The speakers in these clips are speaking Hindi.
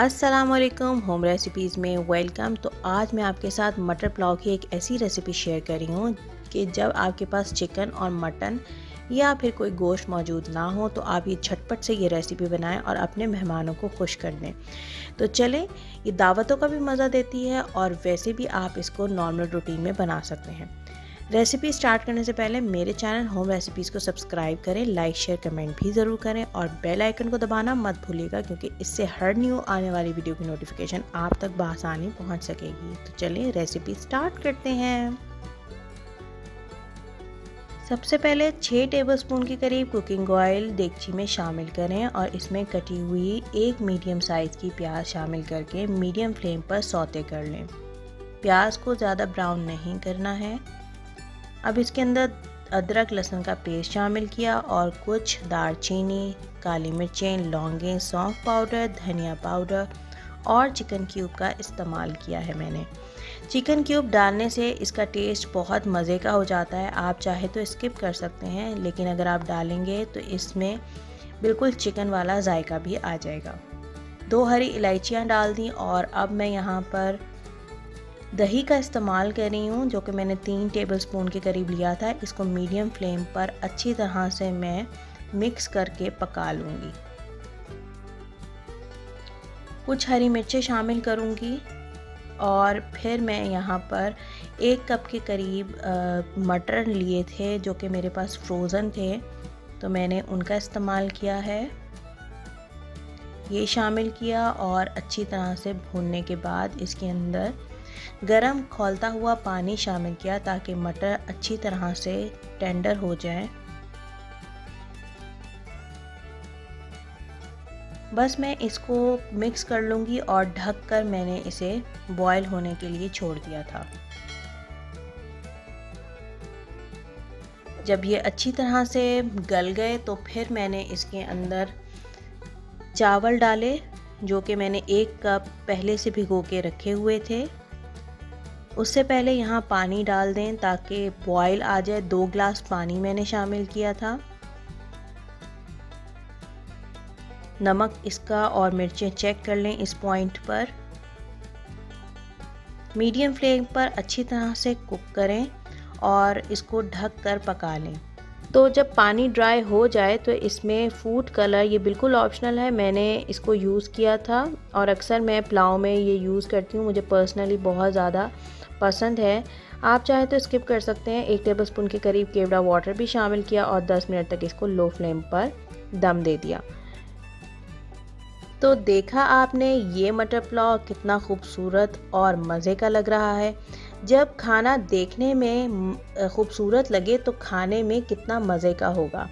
वालेकुम होम रेसिपीज़ में वेलकम तो आज मैं आपके साथ मटर पुलाव की एक ऐसी रेसिपी शेयर कर रही हूँ कि जब आपके पास चिकन और मटन या फिर कोई गोश्त मौजूद ना हो तो आप ये झटपट से ये रेसिपी बनाएं और अपने मेहमानों को खुश कर दें तो चलें ये दावतों का भी मज़ा देती है और वैसे भी आप इसको नॉर्मल रूटीन में बना सकते हैं रेसिपी स्टार्ट करने से पहले मेरे चैनल होम रेसिपीज़ को सब्सक्राइब करें लाइक शेयर कमेंट भी ज़रूर करें और बेल आइकन को दबाना मत भूलिएगा क्योंकि इससे हर न्यू आने वाली वीडियो की नोटिफिकेशन आप तक बसानी पहुंच सकेगी तो चलिए रेसिपी स्टार्ट करते हैं सबसे पहले छः टेबलस्पून के करीब कुकिंग ऑयल देगची में शामिल करें और इसमें कटी हुई एक मीडियम साइज़ की प्याज शामिल करके मीडियम फ्लेम पर सौते कर लें प्याज को ज़्यादा ब्राउन नहीं करना है अब इसके अंदर अदरक लहसुन का पेस्ट शामिल किया और कुछ दालचीनी काली मिर्चें लौंगे सौंफ पाउडर धनिया पाउडर और चिकन क्यूब का इस्तेमाल किया है मैंने चिकन क्यूब डालने से इसका टेस्ट बहुत मज़े का हो जाता है आप चाहे तो स्किप कर सकते हैं लेकिन अगर आप डालेंगे तो इसमें बिल्कुल चिकन वाला जायका भी आ जाएगा दो हरी इलायचियाँ डाल दी और अब मैं यहाँ पर दही का इस्तेमाल कर रही हूँ जो कि मैंने तीन टेबल स्पून के करीब लिया था इसको मीडियम फ्लेम पर अच्छी तरह से मैं मिक्स करके पका लूँगी कुछ हरी मिर्चें शामिल करूँगी और फिर मैं यहाँ पर एक कप के करीब मटर लिए थे जो कि मेरे पास फ्रोज़न थे तो मैंने उनका इस्तेमाल किया है ये शामिल किया और अच्छी तरह से भूनने के बाद इसके अंदर गरम खोलता हुआ पानी शामिल किया ताकि मटर अच्छी तरह से टेंडर हो जाए बस मैं इसको मिक्स कर लूँगी और ढक कर मैंने इसे बॉयल होने के लिए छोड़ दिया था जब ये अच्छी तरह से गल गए तो फिर मैंने इसके अंदर चावल डाले जो कि मैंने एक कप पहले से भिगो के रखे हुए थे उससे पहले यहाँ पानी डाल दें ताकि बॉयल आ जाए दो ग्लास पानी मैंने शामिल किया था नमक इसका और मिर्चें चेक कर लें इस पॉइंट पर मीडियम फ्लेम पर अच्छी तरह से कुक करें और इसको ढक कर पका लें तो जब पानी ड्राई हो जाए तो इसमें फूड कलर ये बिल्कुल ऑप्शनल है मैंने इसको यूज़ किया था और अक्सर मैं पुलाव में ये यूज़ करती हूँ मुझे पर्सनली बहुत ज़्यादा पसंद है आप चाहे तो स्किप कर सकते हैं एक टेबल स्पून के करीब केवड़ा वाटर भी शामिल किया और 10 मिनट तक इसको लो फ्लेम पर दम दे दिया तो देखा आपने ये मटर पुलाव कितना खूबसूरत और मज़े का लग रहा है जब खाना देखने में खूबसूरत लगे तो खाने में कितना मज़े का होगा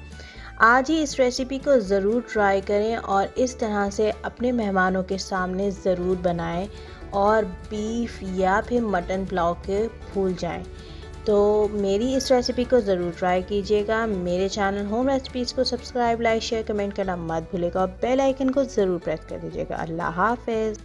आज ही इस रेसिपी को ज़रूर ट्राई करें और इस तरह से अपने मेहमानों के सामने ज़रूर बनाएं और बीफ या फिर मटन पुलाव के भूल जाएं तो मेरी इस रेसिपी को ज़रूर ट्राई कीजिएगा मेरे चैनल होम रेसिपीज़ को सब्सक्राइब लाइक शेयर कमेंट करना मत भूलेगा और बेल आइकन को ज़रूर प्रेस कर दीजिएगा अल्लाह हाफिज़